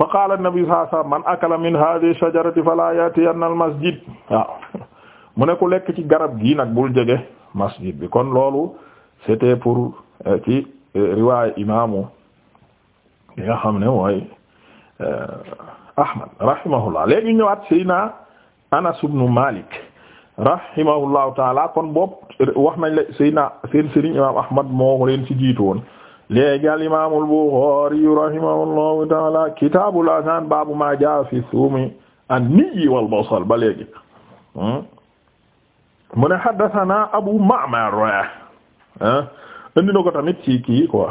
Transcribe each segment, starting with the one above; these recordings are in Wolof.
fa qaala nabi sallallahu alayhi man akala min hadhihi shajarati fala yatiyanna al masjid waaw mu ne ku lekk ci garab gii nag bul jege masjid bi kon loolu c'était pour euh, ci euh, riwaaya imaamu li nga xam ne mooy euh, Ahmad rahimahullah léegi ñëwaat Seydina Anas ibn Malik rahimahullahu taala kon boobu wax nañ la Seydina seen sëriñ imaam Ahmad moo leen ci jiitu woon léegi al imaamul Buxaari rahimahullahu taala kitaabul azaan baabu maa jaa fi suumi an-niyyi wal basal ba léegi mu ne haddasanaa Abu Ma'mar ah indi na ko tamit ci kii quoi.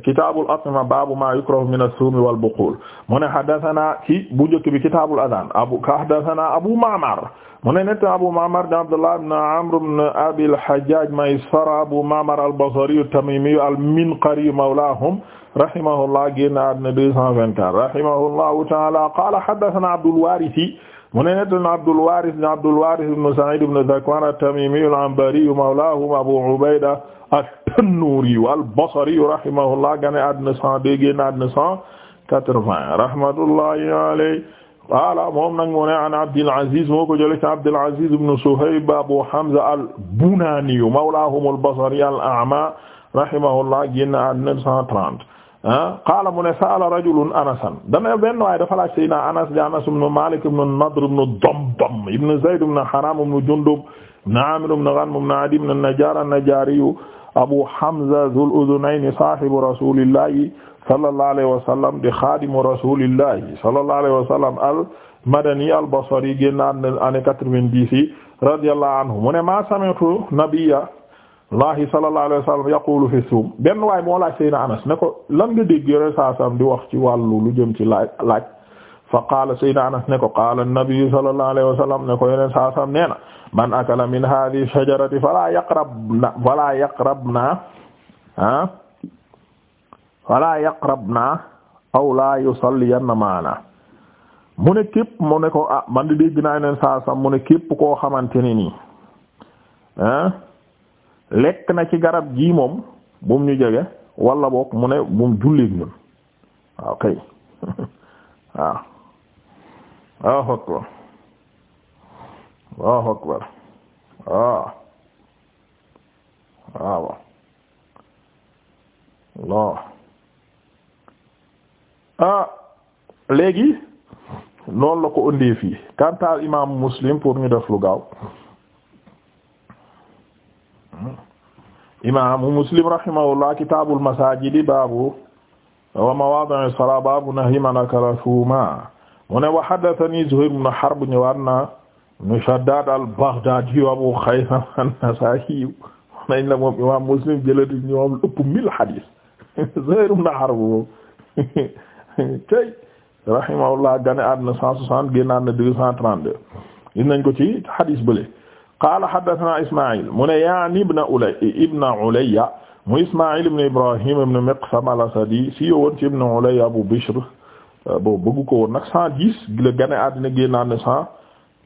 kitaabul at'ima baabu maa yukrahu min as-sumi wal buqul mu ne haddathana ci bu njëkk bi kitaabul adhan abu haddathana abu ma'mar mu ne netta abu ma'mar da abdullah ibn amr ibn abi al-hajjaj maysara abu ma'mar al-basri at-tamimi al-minqari mawlahum rahimahullah génn àddina 224 rahimahullahu ta'ala qala haddathana abdul warith mu ne nettan Abdul Waaris ne Abdul Waaris ibn Sa'iid ibn Zakwaan at-Tamiimi al-Anbari mawlaahum Abu Ubayda at-Tannuuri al-Basri rahimahullah gane àddina cent deux génn àddina cent quatre-vingts rahmatullahi alayhi qaala moom nag mu ne an Abdul Aziz moo ko jëlee ci Abdul Aziz ibn Suhayb Abu Hamza al-Bunaani mawlaahum al-Basri al-A'maa rahimahullah génn àddina cent trente ah qaala mu ne saala rajulun anasan dana benn waaye dafa laaj sayyidina anas di anas ibn malik ibn nadr ibn damdam ibn zayd ibn haram ibn jundub ibn amir ibn ghanm ibn adi ibn najjar an-najjari abu hamza dhul udhunayn sahibu rasulillahi sallallahu alayhi wa sallam di khadimu rasulillahi sallallahu alayhi wa sallam al madani al basri génn na année quatre-vingt-dix radiyallahu anhu mu ne ma sami'tu nabiyya laahi sallallahu alayhi wa sallam yaqulu fi suum benn waay moo laaj Seydina Anas ne ko lan nga dégg yore saa saam di wax ci wàllu lu jëm ci laaj laaj fa qaala Seydina Anas ne ko qaala an-nabi sallallahu alayhi ne ko yeneen saa saam nee na man akala min hadhihi shajarati fala yaqrabna fala yaqrabna ah na yaqrabna aw la yusalliyanna maana mu ne képp mu ne ko ah man di dégg naa yeneen saa saam mu ne képp koo xamante ne nii ah, lekk na ci garab gii moom bum ñu jege walla boog mu ne bum jullit ñun waaw kay waaw Allahu waaw waaw loo ah, léegi loolu la ko ëndee fii quant à imam Muslim pour ñu def lu gaaw imaamu muslim rahimahullah kitaabul masaajidi baabu wa mawaadi'i salaa baabu nahyi man akala suuma mu ne wa haddathanii Zuhayr ibn Harb ñëwaat na nu Shaddaad al-Baghdaadi Abu Khaythama an-Nasaa'i nañ la moom imaam muslim jëlati ñoom ëpp mille hadis Zuhayr ibn Harb moom tey rahimahullah gane àdduna 160 génnaat na 232 gis nañ ko ci hadis bële. qaala haddasanaa Ismaaïl mu ne yaani ibna Ulay ibna Ulayya mu Ismaaïl ibn Ibrahim ibn Miqsam al-Asadi si yowoon ci ibn Ulayya Abu Bishr euh, boobu bëggu ko woon nag cent dix la gane àddina génnaat na cent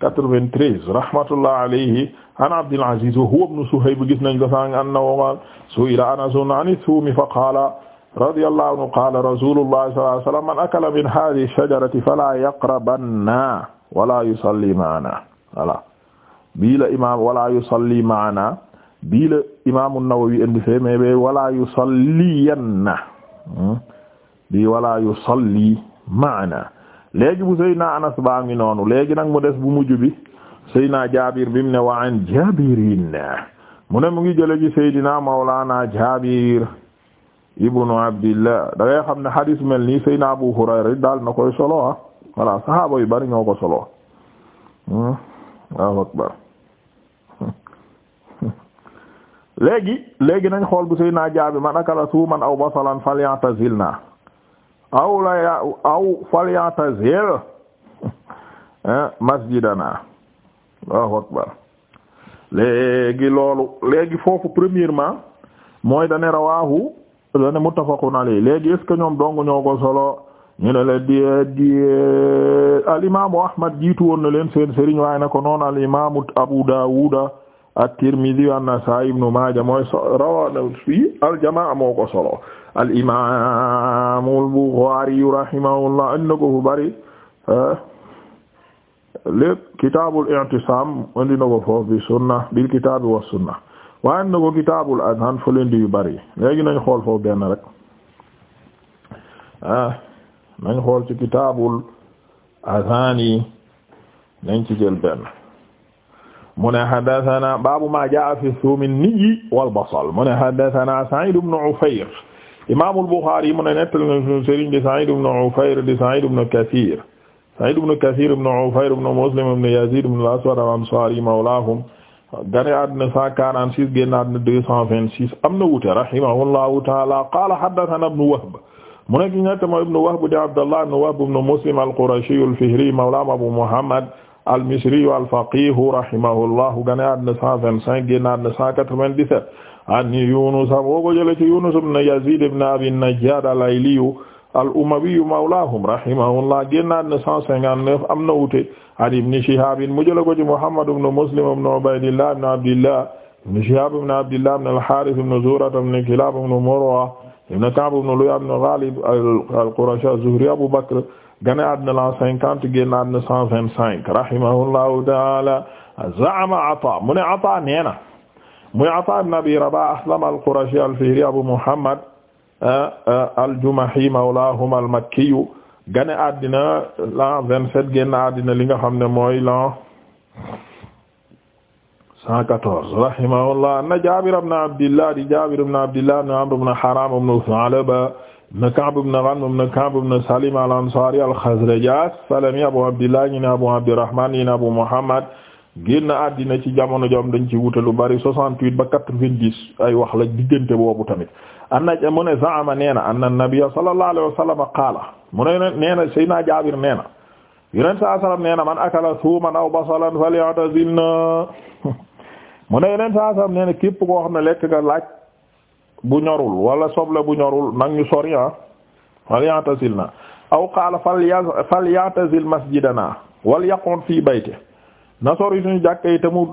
quatre-vingt-treize rahmatullah alayhi an Abdul Aziz wa huwa ibn Suhayb gis nañ ko sànq annahu su'ila Anas an thuumi fa qaala radiyallahu anhu qaala rasulullah sallallahu alayhi wa sallam man akala min hadhihi ash-shajarati fala yaqrabanna wala yusalli ma'ana voilà bii la imaam wala yusalli maana bii la imaamu Nawawi indi fee mais bee wala yusalliyanna hmm? bii wala yusalli maana léegi bu Seydina Anas baa ngi noonu léegi nag mu des bu mujj bi Seydina Jaabir bi mu ne wa an Jaabirin mu ne mu ngi jële ci Seydina Mawlana Jaabir ibnu Abdillah da ngay xam ne hadis mel nii Seydina Abu Hurayra daal na koy solo ah voilà sahaaba yu bari ñoo ko hmm? akbar léegi léegi nañ xool bu sëy naa jaabi man akala suuman aw basalan falyatazil na aw la aw falyatazil eh, masjidana Allahu akbar léegi loolu léegi foofu premièrement mooy dane rawahu dane muttafaqun alayhi léegi est ce que ñoom dong ñoo ko solo ñu ne la di di al imaamu Ahmad jiitu woon na leen seen sëriñ waaye na ko noon al imaamu Abu Daawuda at-Tirmidhi wa ibn Maaja mooy rawana fi al-jamaa moo ko solo al-imaam al-Bukhaari rahimahullah indi ko fu bari ah, lépp kitaabul i'tisaam indi na ko foofu bi sunna bil kitaabi wa sunna waaye ko kitaabul adhaan leen di yu bari léegi nañ xool foofu benn rek ah nañ xool ci kitaabul adhaan ci jël benn mu ne haddathana baabu ma jaa fi suminniyi wal basal mu ne haddathana Sa'id ibn Ufayr imam al-Bukhari mu ne nettali na sunu sëriñ di Sa'id ibn Ufayr di Sa'id ibn Kathir Sa'id ibn Kathir ibn Ufayr ibn Muslim ibn Yazid ibn al-Aswad al-Ansari mawlahum gane àdduna 146 génn àdduna 226 am na wuute rahimahullahu ta'ala qala haddathana ibn Wahb mu nekk ñett mooy ibn Wahb di Abdullah ibn Wahb ibn Muslim al-Qurashi al-Fihri mawla Abu Muhammad al-Misri al-faqih rahimahullahu gane àddina 125 génn àddina 197 an Yunus boo ko jëlee ci Yunus ibn Yazid ibn Abi Najjad al-Ayli al-Umawi mawlahum rahimahullah génn àddina 159 am na wuute an Ibn Shihab mu jëlee ko ci Muhammad ibn Muslim ibn Ubaydillah ibn Abdillah ibn Shihab ibn Abdillah ibn al-Harith ibn Zurah ibn Kilab ibn Murra ibn Ka'b ibn Lu'ay ibn Ghalib al-Qurashi az-Zuhri Abu Bakr gane àddina la cinquante génn àddina cent vingt-cinq rahimahullahu ta'ala za'ama Ata mu ne Ata nee na muy Ata ibn Abi Rabah Aslam al-Qurashi al-Fihri Abu Muhammad ah, ah, al-Jumahi mawlahum al-Makki gane àddina la vingt-sept génn àddina li nga xam ne mooy la 114 rahimahullah anna Jaabir ibn Abdillah di Jaabir ibn Abdillah ibn Amr ibn Haraam ibn Tha'laba ibn Ka'b ibn Ghanm ibn Ka'b ibn Salim al-Ansaari al-Khazraji as-Salami Abu Abdillah ñi ne Abu Abdirrahmaan ñi ne Abu Muhammad génn àddina ci jamono jom dañ ci wute lu bari 68 ba 90 ay wax la diggante boobu tamit anna mu ne zaama nee na anna nabiyya sallallahu alayhi wa sallam qaala mu ne nee na Seydina Jaabir nee na yonent saa sallam nee na man akala suuman aw basalan falyatazilna mu ne yeneen saa saam nee képp koo xam ne lekk nga laaj bu ñorul walla soble bu ñorul nag ñu sori ah fal ya'tazil na aw qaala fal ya'tazil masjidana wal yaqun fii bayte na sori suñu jàkka yi te mu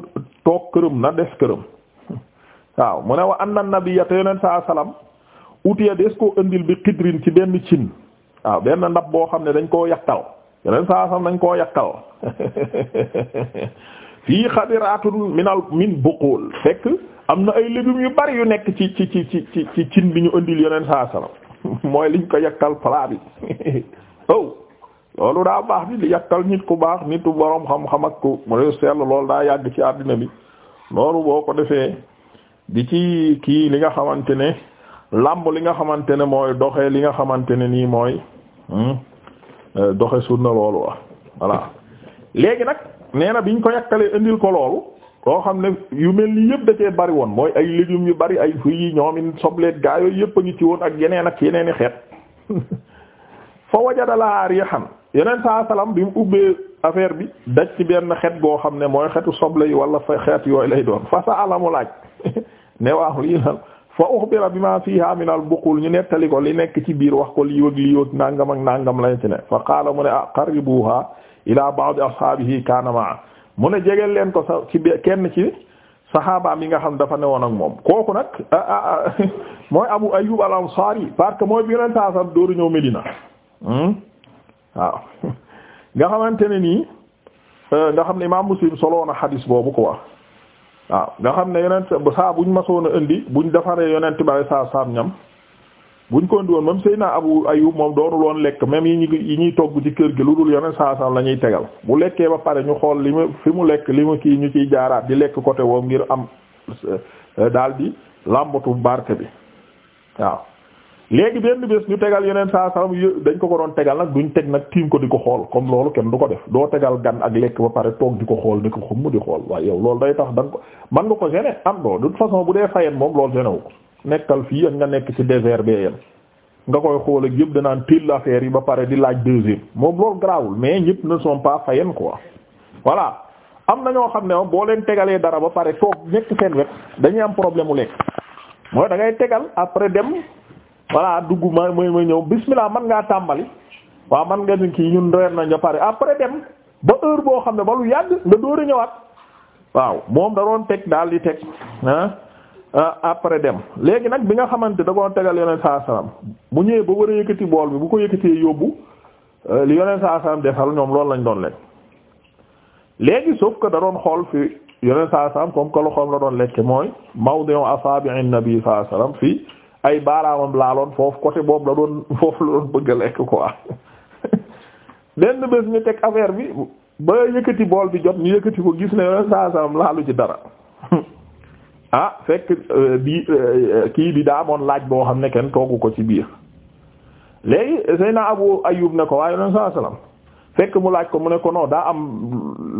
toog këram na des këram waaw mu ne wa anna nabiyya te yeneen saa salaam utiya des koo indil bi qidrin ci benn cin waaw benn ndab boo xam ne dañ koo yàqal yeneen saa saam dañ koo yàqal fii xadiraatun min al min buqul fekk am na ay légumes yu bari yu nekk ci ci ci ci ci cin bi ñu indil yeneen saa salaam mooy liñ ko yakkal plat bi oh loolu daa baax di di yakkal nit ku baax nit ku borom xam-xam ak ku mu seetlu loolu daa yàgg ci àddina bi loolu boo ko defee di ci kii li nga xamante ne làmb li nga xamante ne mooy doxe li nga xamante ne nii mooy hmm, eh, doxe sunna loolu wa voilà léegi nag. nee bi ñu ko yàkkalee indil ko loolu loo xam ne yu mel ni yëpp da cee bari woon mooy ay légumes yu bari ay fruits yi ñoomin sobleet gaa yépp yëpp a ngi ci woon ak yeneen ak yeneeni xeet fa wajada yeneen saa salaam bi mu ubbee affaire bi daj ci benn xet goo xam ne mooy xetu soble yi wala fa xeet yooy lay doon fa sa alamu laaj ne waaw lii lan fa uxbira bimaa fiihaa minal buqul ñu nettali ko li nekk ci biir wax ko li wëg lii wëg nangam ak nàngam lañ ci ne fa qaala mu ne ah qaribuha ila ba'd ashaabihi kaana ma mu ne jegeel leen ko sa ci kenn ci saxaabaam yi nga xam dafa ne woon ak moom kooku nag mooy Abu Ayyub al-Ansari parce que mooy bi nga leen taasam dooru ñëw Medina hmm? waaw nga xamante ne nii e, nga xam ne imaam Muslim solo na xadiis boobu ko wax waaw nga xam ne yonent saa buñ masoon a indi buñ defaree yonent bari saa saam ñam buñ ko indi woon moom Seydina Abu Ayyub moom doonul loon lekk même yi ñu yi ñuy togg ci kër gi lu dul yeneen saa saa la ñuy tegal bu lekkee ba pare ñu xool li mu fi mu lekk li mu kii ñu ciy jaaraat di lekk côté woom ngir am euh, daal di làmbatu barke bi waaw. léegi benn ñu tegal yeneen saa saa dañ ko ko doon tegal nag duñ teg nag tiim ko di ko xool comme loolu kenn du ko def doo tegal gan ak lekk ba pare toog di ko xool di ko xum di xool waaye yow loolu day tax da ko man nga ko gêner am doo du toute façon bu dee fayeen moom loolu gêner ko. nekkal fii ak nga nekk ci désert bee yem nga koy xool ak yëpp danaan teel affaire yi ba pare di laaj deuxième moom loolu garaawul mais ñëpp ne sont pas fayen quoi voilà am na ñoo xam ne boo leen tegalee dara ba pare toog nekk seen wet dañuy am problème mu lekk mooy da ngay tegal après dem voilà dugg ma mooy ma ñëw bismillah man ngaa tàmbali waaw man nga ni kii ñun doyar nañ ba pare après dem ba heure boo xam ne ba lu yàgg nga door a ñëwaat waaw moom da doon teg daal di Euh, après dem léegi nag bi nga xamante da ko tegal yonent saa salaam bu ñëwee ba war a yëkkati bool bi bu ko yëkkatee yóbbu euh, li yonent saa salaam defal ñoom loolu lañ doon lekk léegi sauf que da doon xool fi yonent saa salaam comme que loxoom la doon lekke mooy mawdi'u asabi'in nabi saa salaam fi ay baaraamam laaloon foofu côté boobu la doon foofu la doon bëgg a lekk quoi benn bés ñu teg affaire bi ba yëkkati bool bi jot ñu yëkkati ko gis ne yonent saa salaam laalu ci dara. ah fekk euh, bi euh, kii bi daa amoon laaj boo xam ne kenn toogu ko ci biir léegi Seydina Abu Ayyub ne ko waaye yoneen saa salaam fekk mu laaj ko mu ne ko non daa am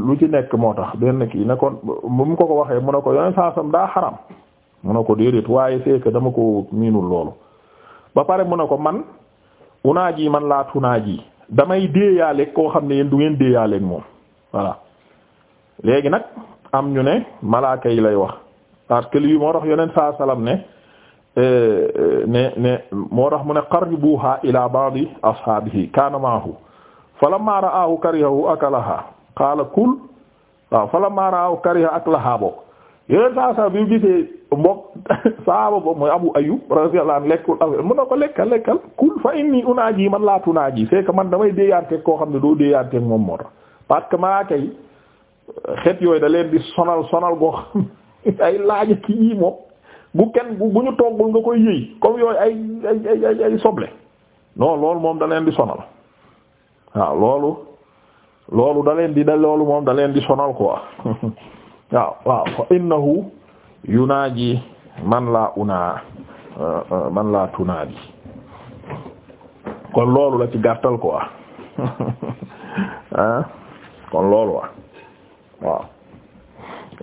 lu ci nekk moo tax benn kii ne ko bu mu ko ko waxee mu ne ko yoneen saa salaam daa xaram mu ne ko déedéet waaye c'est que dama ko miinul loolu ba pare mu ne ko man yi man laa tunaaji damay déeyaaleeg koo xam ne yéen du ngeen déeyaaleeg moom voilà léegi nag am ñu ne malaaka yi lay wax parce que lii moo tax yeneen saa salaam ne euh, euh, ne ne moo tax mu ne qarribuha ila ba'di ashaabihi kaana maahu falamma ra'ahu karihahu akalaha qaala kul waaw falamma ra'ahu kariha aklaha bokk yeneen saa salaam bi gisee mbokk saaba boobu mooy Abu Ayyub radiyallahu anhu lekkul affaire mun na ko lekkal lekkal kul fa inni unaaji man laa tunaaji c'est man damay déeyaanteeg koo xam ne doo déeyaanteeg moom moo tax parce que malaaka xet yooyu da leen di sonal sonal goo ay laaj ki yii moom bu kenn bu ñu toggul nga koy yëy kom yooy ay ay ay soble non loolu moom da leen di sonal waaw loolu loolu da leen di da loolu moom da leen di sonal quoi waaw waaw fa innahu yunaaji man laa unaa euh, euh, man laa tunaaji kon loolu la ci gàttal quoi ah kon loolu waaw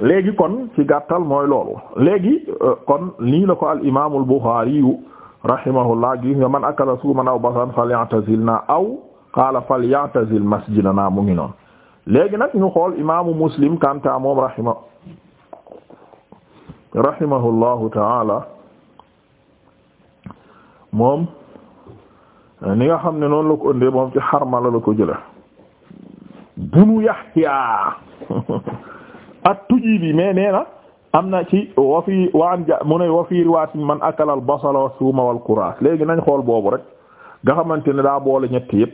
léegi kon ci gàttal mooy loolu léegi euh, kon nii la ko al imaamul Buxaari yu rahimahullah gis nga man akala suuman aw basan falyatazilna aw qaala falyatazil masjidana mu ngi noon léegi nag ñu xool imaamu Muslim kanta moom rahima rahimahullahu taala moom ni nga xam ne noonu la ko ëndee moom ci Harmala la ko jële bunu Yahya at-Tujibi mais nee na am na ci wa fi wa an ja mu ne wa fi riwaatin man akala al-basala wa suuma wal kuraas léegi nañ xool boobu rek nga xamante ne daa boole ñett yëpp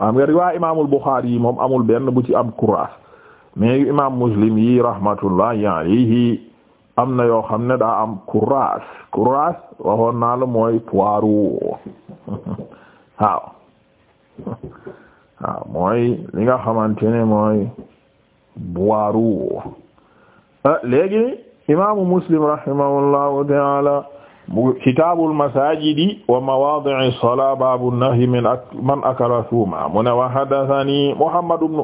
am nga riwaay imaamul Buxaari yi moom amul benn bu ci am kuraas mais imaam Muslim yi rahmatullahi alayhi am na yoo xam ne daa am kuraas kuraas waxoon naa la mooy poireau waaw waaw mooy li nga xamante mooy Boiroux ah, léegi imaamu Muslim rahimahullahu ta'ala mu kitaabul masaajidi wa mawaadi'i salaa baabu nahyi min ak man akala suuma mu ne wa haddathanii Muhammad ibn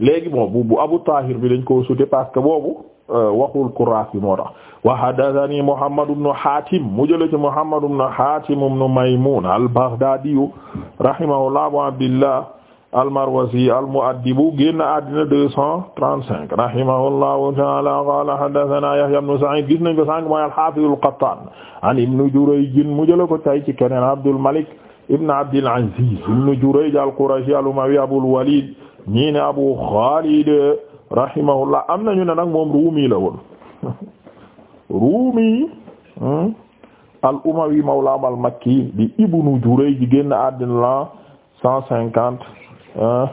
léegi moom bu Abu Tahir bi dañ koo sute parce que boobu euh, waxul kuraas bi moo tax wa haddathanii Muhammad ibn Haatim mu jëlee ci Muhammad ibn Haatim ibn Maymuun al-Baghdaadiyu rahimahullah Abu Abdillah al-Marwazi al-Mu'addibu génn àddina deux cent trente-cinq rahimahullahu ta'ala qala haddathana Yahya ibn Sa'id gis nañ ko sànq mooy al-Hafiz al-Qattan an Ibn Jurayj mu jëla ko tay ci keneen Abdul Malik ibn Abdil Aziz ibn Jurayj al-Qurashi al-Umawi Abul Walid ñi ne Abu Khalid rahimahullah am nañu ne nag moom Rumi la woon Rumi hmm? al-Umawi mawla al-Makki bi Ibn Jurayj génn àddina la cent cinquante Ah,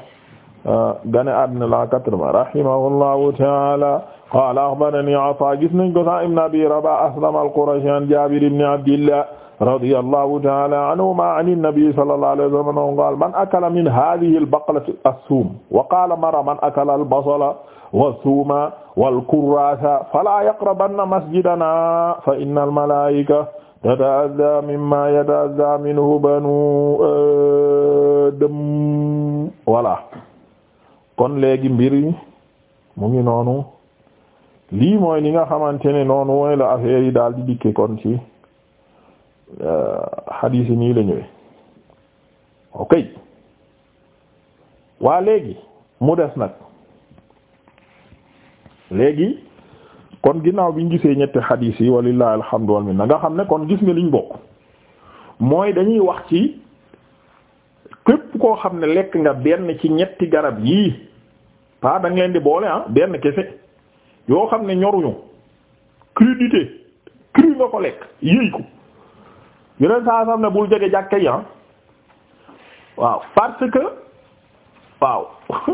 ah, gane àddina la quatre-vingts rahimahullahu ta'ala qala akhbarani Ata gis nañ ko sa ibn Abi Rabah Aslam al-Qurashi an Jabir ibn Abdillah radiyallahu ta'ala anhuma an an-nabi sallallahu alayhi wa sallam qala man akala min hadhihi al-baqlati as-sum wa qala mara man akala al-basala was-suma wal-kurrasa fala yaqrabanna masjidana fa inna al-malaa'ikata tata'adha mimma yata'adha minhu banu dëm voilà kon léegi mbir mu ngi noonu lii mooy li nga xamante ne noonu mooy la affaire yi daal di dikke kon ci euh, hadith yi nii la ñëwee waa léegi mu des nag léegi kon ginnaaw bi gisee ñetti hadith yi walillahi alhamdu wal minna nga xam ne kon gis nga liñ bokk mooy dañuy wax ci koo xam ne lekk nga benn ci ñetti garab yii pa da nga leen di boole ah, benn kese yoo xam ne ñoruñu crudité cru nga ko lekk yëy ko yeneen saa sam ne bul jege jàkka yi ah. waaw parce que waaw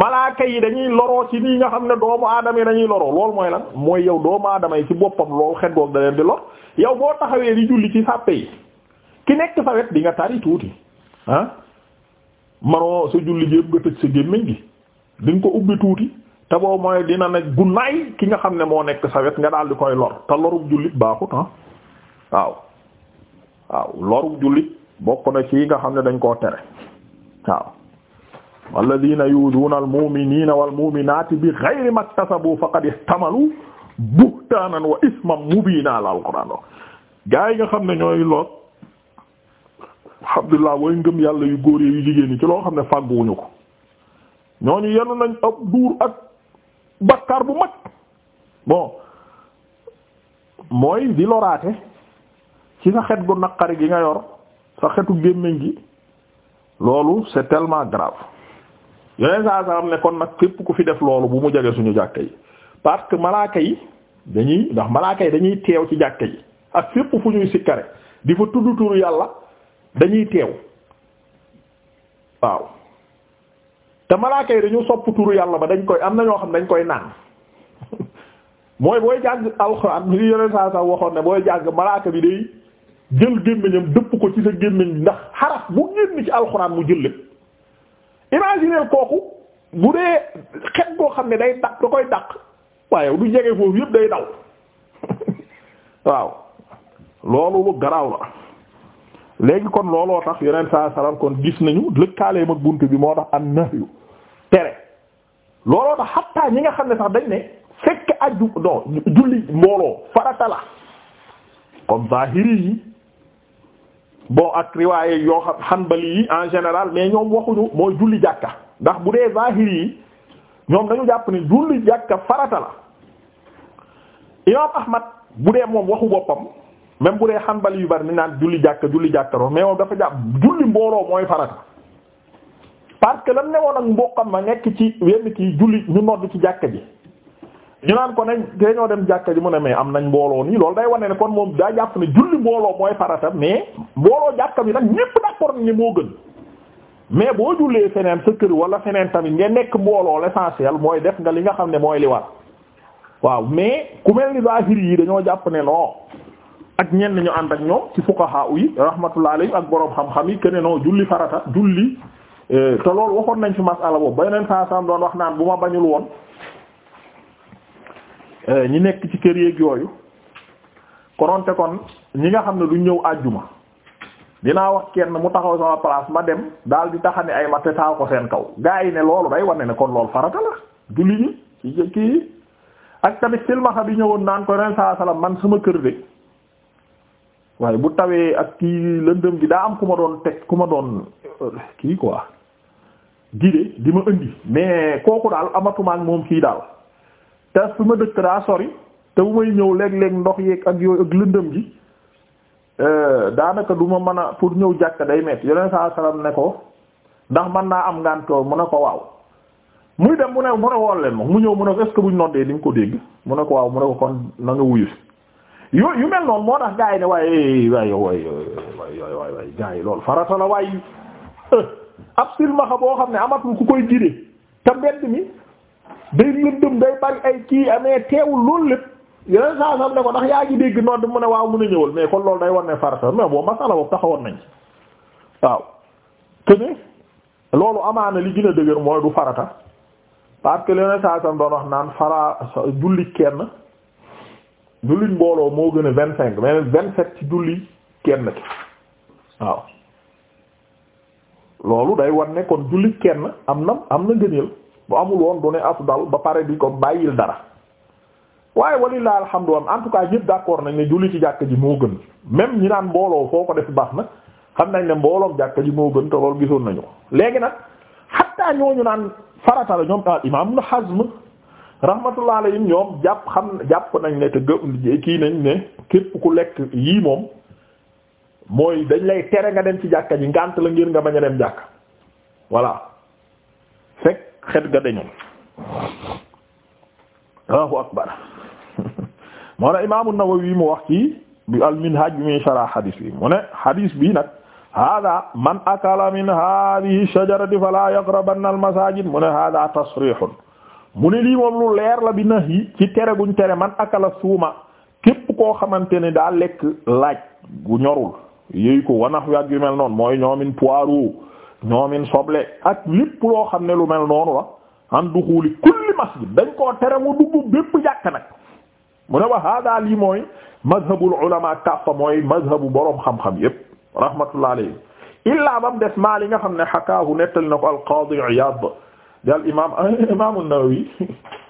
malaaka yi dañuy loroo ci nii nga xam ne doomu aadama yi dañuy loro loolu mooy lan mooy yow doomu adama yi ci boppam loolu xet goog di lor yow boo taxawee di julli ci sàppe yi ki nekk sa wet di nga tari tuuti ah manoo sa julli jépp nga tëj sa gémmiñ gi di ko ubbi tuuti te boobu mooy dina ne gunnaay ki nga xam ne moo nekk sa wet nga daal di koy lor te lorub jullit baaxut ah waaw lorub jullit bokk na ci nga xam ne dañ koo tere waaw walladina yu'duna almu'minina walmu'minati bi ghayri maktasabu faqad ihtamalu buhtaanan wa isman mubina la alquran o gaa yi nga xam ne ñooy lor alhamdulilah way ngëm yàlla yu góor yu jigéen ñi ci loo xam ne fàgguwuñu ko ñooñu yenu nañ ab duur ak bakkaar bu mag bon mooy di loraate ci sa xet gu naqari gi nga yor sa xetu gémmiñ gi loolu c'est tellement grave yeneen saa saa am ne kon nag képp ku fi def loolu bu mu jege suñu jàkk yi parce malaaka yi dañuy ndax malaaka yi dañuy teew ci jàkka yi ak fépp fu ñuy sikkare di fa tudd turu yàlla dañuy teew waaw te malaaka yi dañu sopp yàlla ba dañ koy am na ñoo xam dañ koy naan mooy booy jàng alxuraan li yore saa saa waxoon ne booy jàng malaaka bi day jël gémmiñam dëpp ko ci sa gémmiñ ndax xaraf bu génn ci alxuraan mu jël lépp imaginer kooku bu dee xet boo xam ne day daq da koy daq waaye du jege foofu yëpp day daw waaw loolu lu garaaw la léegi kon looloo tax yeneen saa salaam kon gis nañu lëkkaaleem ak bunt bi moo tax am na tere looloo tax xattaa ñi nga xam ne sax dañ ne fekk aju non julli mbooloo farata la comme zahiri yi bon ak riwaaye yoo xam hanbali yi en général mais ñoom waxuñu mooy julli jàkka ndax bu dee zahiri yi ñoom dañu jàpp ni julli jàkka farata la imam ahmad bu dee moom waxu boppam même bu dee xanbali yu bari ni naan julli jàkka julli jàkka mais moom dafa jàpp julli mbooloo mooy farata parce que lam ne woon ak mboqam ma nekk ci wenn kii julli ñu nodd ci jàkka ji ñu naan ko nañ te ñoo dem jàkka ji mu ne mais am nañ mbooloo nii loolu day wane ne kon moom daa jàpp ne julli mbooloo mooy farata mais mbooloo jàkka bi nag ñépp d'accord ni moo gën mais boo jullee feneen sa kër wala feneen tamit ngeen nekk mbooloo l'essentiel mooy def nga li nga xam ne mooy li waaw mais ku mel dañoo jàpp ne non ak ñenn ñu ànd ak ñoom ci fuqaha yi rahmatullah alayhi ak boroom xam-xam yi keneen noo julli farata julli euh, te loolu waxoon nañ fi masala boobu ba yeneen saa wax naan bu ma bañul euh, ñi nekk ci kër yeeg yooyu kononte kon ñi nga xam ne du ñëw àjjuma dinaa wax kenn mu taxaw ma dem daal di taxane ay matte taaw seen kaw gaa yi loolu day wane ne kon loolu farata la julli ñi ci kii bi ñëwoon naan ko saa man suma kër de. waaye bu tawee ak kii lëndëm gi daa am ku ma doon teg ku ma doon kii quoi gide di ma indi mais kooku daal amatumaak moom kii daal te fi ma dëkk daa sori te bu may ñëw léeg-léeg ndox yeeg ak yooyu ak lëndëm gi euh, daanaka du ma man a pour ñëw jàkka day metti yoneen saa salaam ne ko ndax man naa am ngàntoo mu ne ko waaw muy dem mu ne mu ne wool leen ma mu ñëw mu ne ko est-ce que buñ noddee di nga ko dégg mu ne ko waaw mu ne ko kon na nga yooyu yu mel noonu moo tax gars yi ne waaye waay waay waay loolu farata la waay ab silmaxa boo xam ne amatul ku koy jire te mbedd mi day lëndëm day bari ay kii amee ah, teewul loolu lépp yeneen saa ne ko ndax yaa ngi dégg nodd mu ne waaw mun a ñëwal mais kon loolu day war ne farata mais boo masala boobu taxawoon nañ waaw te loolu amaana li gën a dëgër mooy du farata parce que leneen saa sam doon wax naan fara julli kenn julliñ mbooloo moo gën a vingt cinq mais vingt sept ci julli kenn ki waaw loolu day wan ne kon julli kenn am na am na ngëneel bu amul woon du ne afdal ba pare di ko bàyyil dara waaye walilah alhamdulilah en tout cas ñëpp d'accord nañ ne julli ci jàkk ji moo gën même ñi naan mbooloo foo ko def baax na xam nañ ne mbooloom jàkk ji moo gën te loolu gisoon nañu ko léegi nag xatta ñooñu naan farata ñoom al ah, imam Ibn Hazm rahmatullah alayhim ñoom jàpp xam jàpp nañ ne te kii nañ ne képp ku lekk yii moom mooy dañ lay tere nga dem ci jàkka ji ngànt la ngir nga bañ a dem jàkk voilà fekk xet ga dañu Allahu akbar moo ne imaamu Nawawi mu wax bi al bi mu ne hadis bi nag hada man akala min hadhihi shajarati fala yaqrabanna al-masajid mu ne hada tasrihun mu ne lii moom lu leer la bi nax yi ci tere guñ tere man akala suuma képp koo xamante ne daal lekk laaj gu ñorul yéyu ko wanax wi yu mel noonu mooy ñoomin poireau ñoomin soble ak lépp loo xam ne lu mel noonu la an duxuli kulli masjid dañ koo tere mu dugg bépp jàkk nag mu ne wa hada lii mooy mazhabul ulama kàppa mooy mazhabu borom xam-xam yépp rahmatullah alayhi illaa bam des maa li nga xam ne xakaahu nettali na ko al qadi iyad daal imaam imaam an-Nawawi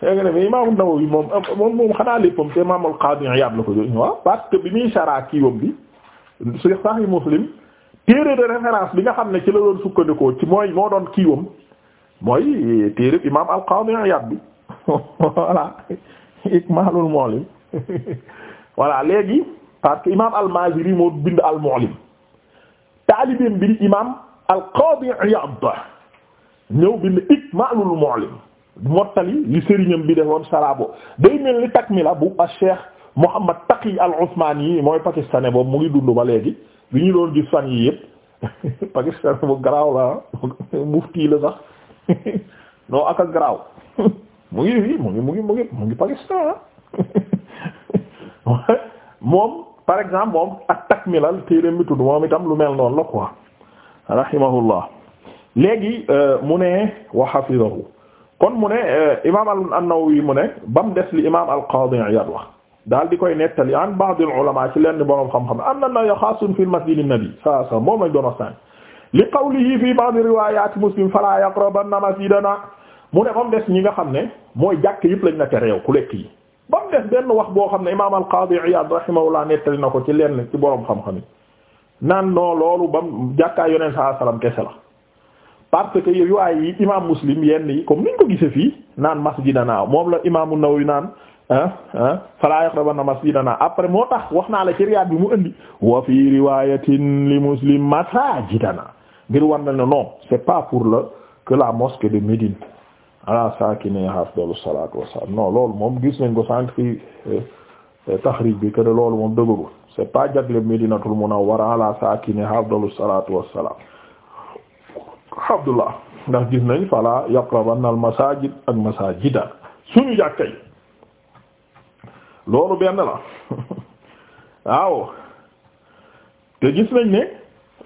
yaa na ne moom moom moom xanaa léppam te imaam al-Qaadi Iyaad la ko jox waaw parce que bi muy saraa kii bi su Sahih Muslim téere de référence bi nga xam ne ci la doon sukkandikoo ci mooy moo doon kii wam mooy téere imaam al-Qaadi Iyaad bi voilà Ikmaalul Mu'lim voilà léegi parce que imaam al-Maaziri moo bind al-Mu'lim taalibeem bi di imaam al-Qaadi Iyaad ñëw bind ikmalul mu'allim mottali li sëriñam bi defoon sarabo day mel ni takmila bu a cheikh Muhammad Taqi al-Usmani yi mooy pakistanais boobu mu ngi dund ba léegi bi ñu doon gis fan yi yëpp pakistan bu garaaw la mufti la sax non ak a garaaw mu ngi fii mu ngi mu ngi mu ngi mu ngi pakistan moom par exemple moom ak takmila téeréem bi tudd moom itam lu mel noonu la quoi rahimahullah léegi euh, mu ne wa hafizahu kon mu ne euh, imaam an-Nawawi mu ne ba mu des li imaam al-Qaadi Iyaad wax daal di koy nettali an ba'd al-ulamaa ci lenn boroom xam-xam anna an-nahya xaasun fi masjidi an-nabi sallallahu alayhi wa sallam moom lañ doon wax li qawlihi fi ba'd riwaayaati Muslim falaa yaqrabanna masjidanaa mu ne ba mu des ñi nga xam ne mooy jàkk yëpp lañ na tereew ku lekk yi ba des benn wax boo xam ne imaam al-Qaadi Iyaad rahimahullah nettali na ko ci leen ci boroom xam-xam yi naan noo loolu ba mu jàkkaay Yonent sallallahu alayhi la parce que riwaay yi imaam muslim yenn yi comme niñ ko gisee fii naan masjidanaa moom la imaamu Nawawi naan ah ah falaa yaqrabanna masjidanaa après moo tax wax naa la ci riwaay bi mu indi wa fii riwaayatin li muslim masaajidanaa ngir war na ne non c'est pas pour le que la mosquée de Médine ala saakini afdalu salaatu wassalaam non loolu moom gis nañ ko sànq tax eh, taxrij bi que loolu moom dëgëru c'est pas jagle Médinatul Munawwara ala saakini afdalu salaatu wassalaam Abdullah ndax gis nañ fala yaqrabanna al masajid ak masajida suñu jàkka yi loolu benn la waaw te gis nañ ne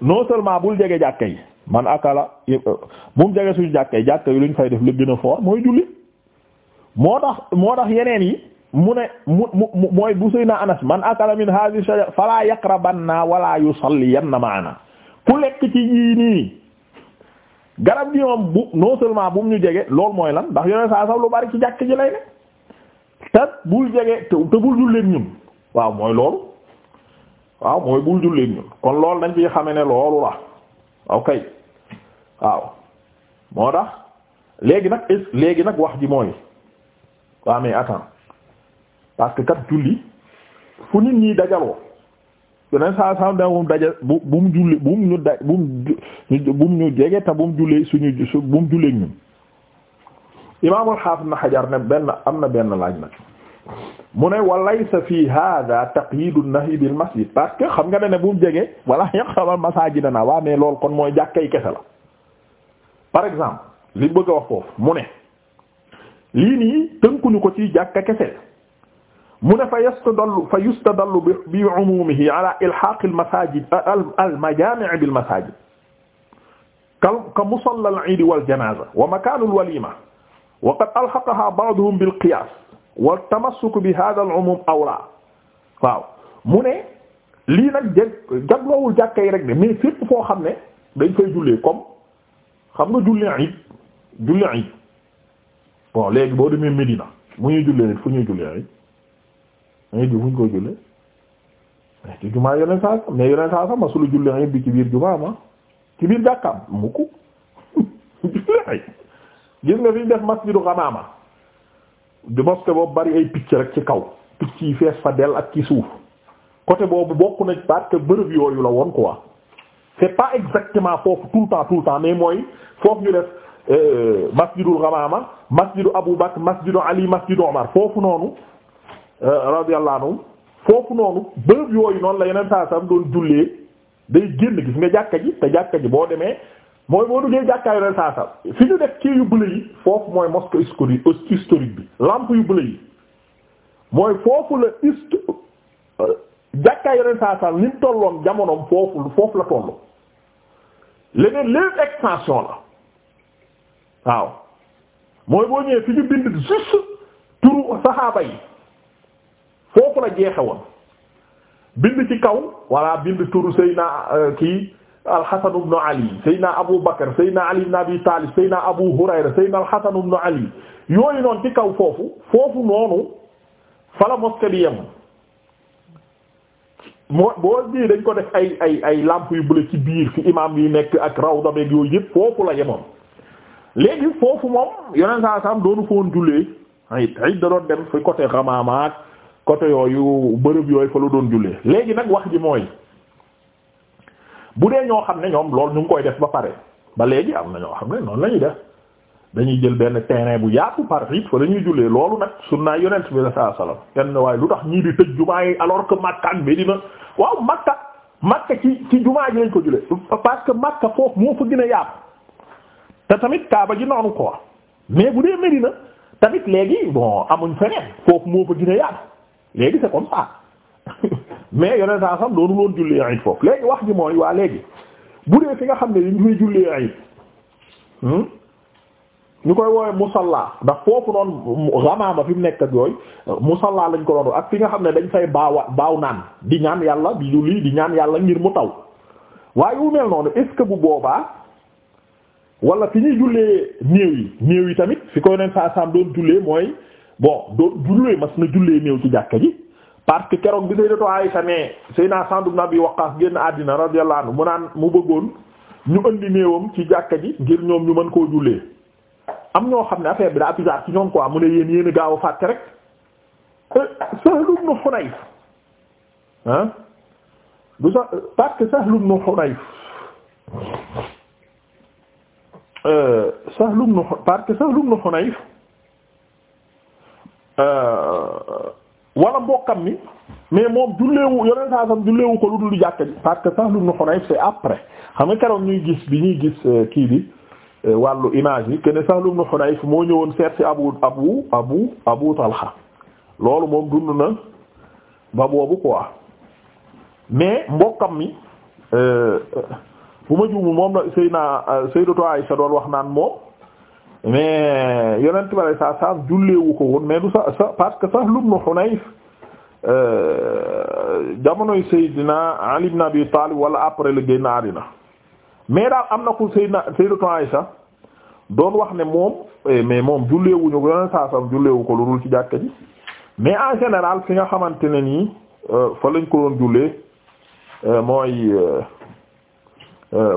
non seulement bul jege jàkka yi man akala bu mu jege suñu jàkka yi jàkka yi lu ñu fay def lu gën a mooy julli moo tax moo tax yeneen yi mu ne mu mu mooy bu sëy na anas man akala min hadhihi fala yaqrabanna wala yusalliyanna ma'ana ku lekk ci yii nii garab gi moom bu non seulement bu mu ñu jege loolu mooy lan ndax yoneen saa sax lu bari ci jàkk ji lay ne te bul jege te bul julleen ñun waaw mooy loolu waaw mooy bul julleen ñun kon loolu dañ ciy xame ne loolu la ok waaw moo tax léegi nag léegi nag wax ji mooy waa mais attends parce que kat julli fu nit ñi dajaloo yoneen saa saam da mu daje bu bu mu julli bu mu ñu daj bu mu bu jege te bu mu julli ñun imaamul xaafis na xajar ne benn am na benn laaj nag mu ne walaysa fi hada taqyidu nahyi bil masjid parce que xam nga ne ne bu mu jege wala yaqrabu masaajidana waa mais lool kon mooy jàkkay kese la par exemple li bëgg a wax foofu mu ne lii nii tënkuñu ko ci jàkka kese mu ne fa yustadallu fa yustadallu bi bi umumihi ala ilhaq al masajid al majami' bil masajid ka ka musalla al eid wal janaza wa makan al walima wa qad alhaqaha ba'duhum bil qiyas wal tamassuk bi hadha al umum awla waaw mu ne lii nag jag jagloowul jàkka yi rek de mais fépp foo xam ne dañ fay jullee comme xam nga julli eid julli eid bon léegi boo demee Médina mu ñuy jullee fu ñuy jullee eid ayib bi fu ñu koy jullee ci jumaa yeneen saa sax mais yeneen saa sax ma su lu jullee ayib bi ci biir jumaa ma ci biir jàkkaam mukk jullee ayib gis nga fi ñu def masjidu Xamaama di mosquée boobu bari ay picc rek ci kaw picc yi fees fa dell ak ci suuf côté boobu bokk na parce que bërëb yooyu la woon quoi c'est pas exactement foofu tout le temps tout le temps mais mooy foofu ñu def masjidul euh, Xamaama masjidu Abu Bakr masjidu Ali masjidu Omar foofu noonu. Euh, radiyallahu anhum foofu noonu bërëb yooyu noonu la yeneen saa sam doon jullee day génn gis nga jàkka ji te jàkka ji boo demee mooy boo duggee jàkkaay yeneen saa fi ñu def kii yu bële yi foofu mooy euh, yi mooy foofu la ist saa sam ni tolloon jamonoom foofu foofu la tollu leneen lépp extension la waaw mooy boo ñëwee fi ñu bind juste turu saxaaba yi. foofu la jeexe woon bind ci kaw walla bind turu Seyna euh, kii al-Hasan Ali Seyna Abu Bakr Seyna Ali ibn Abi Talib Seyna Abu Hurayra Seyna al-Hasan Ali yooyu noonu ci kaw foofu foofu noonu fala moske bi yem moo boo bii dañ ko def ay ay ay lampe yu ci biir fi imam yi nekk ak rawda beeg yooyu yëpp foofu la yemoon léegi foofu moom yoneen saa sam doonu foon jullee ay ay doon dem fi côté Ramama côté yooyu bërëb yooyu fa la doon jullee léegi nag wax ji mooy bu dee ñoo xam ne ñoom loolu ñu ngi koy def ba pare ba léegi am na ñoo xam ne noonu lañu ñuy def dañuy jël benn terrain bu yaatu par it fa la ñuy jullee loolu nag sunna yonent bi sallallahu alayhi wasallam kenn waaye lu tax ñii di tëj jumaa yi alors que Makka ak Medina waaw Makka Makka ci ci jumaa ji lañ ko jullee parce que Makka foofu moo fa gën a yaatu te tamit Kaaba ji noonu quoi mais bu dee Medina tamit léegi bon amuñ feneen foofu moo fa gën léegi c'est comme mais yoneen saa sax doonu loon julli ayit foofu léegi wax ni mooy waa léegi bu dee fi nga xam ne dañ ñu fay julli ayit hmm? ñu koy woowe musalla ndax foofu noonu ramaama fi mu nekk ak yooyu musalla lañ ko doon ak fi nga xam ne dañ fay baawa baaw naan di ñaan yàlla di julli di ñaan yàlla ngir mu taw waaye wu mel noonu est bu boobaa wala fi ñuy jullee néew yi néew yi tamit fi koy neen saa saam doon jullee mooy bon doon jullee mas na jullee néew ci jàkka ji parce que keroog bi sayyidatu Aisha ne sayna Sa'd ibn Abi Waqqas génn àddina radiyallahu anhu mu naan mu bëggoon ñu indi néewam ci jàkka ji ngir ñoom ñu mën koo jullee am ñoo xam ne affaire bi daa bizarre ci ñoom quoi mu ne yéen yéen a gaaw a fàtte rek euh, Sahl ibn Hunayf ah du parce que Sahl ibn Euh, wala mbokkam ni mais moom julleewu yoneen saa sam julleewu ko lu dul jàkka ji parce que lu ibn Hunayf c'est après xam nga keroog ñuy gis bi ñuy gis euh, kii bi euh, wàllu image yi que ne Sahl ibn Hunayf moo ñëwoon seet ci Abu Abu Abu Abu Talha loolu moom dund na ba boobu quoi mais mbokkam mi bu ma juumu moom la Seydina Sayyidatu sa doon wax naan moom mais euh, yonent bi alayhi salaatu salaam julleewu ko woon mais du sa sa parce que Sahl ibn Hunayf euh, jamonoy Seydina Ali ibn bi Talib wala après la génn na mais daal am na ku Seydina Sayyidatu Aïsha doon wax ne moom eh, mais moom julleewuñu ko yonent saa saam julleewu ko lu dul ci jàkka ji mais à général fi nga xamante ne nii euh, fa lañ ko doon jullee mooy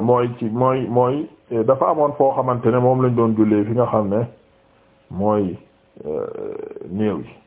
mooy ci mooy mooy. Eh, dafa amoon foo xamante ne moom lañ doon jullee fi nga xam ne mooy eh, néew yi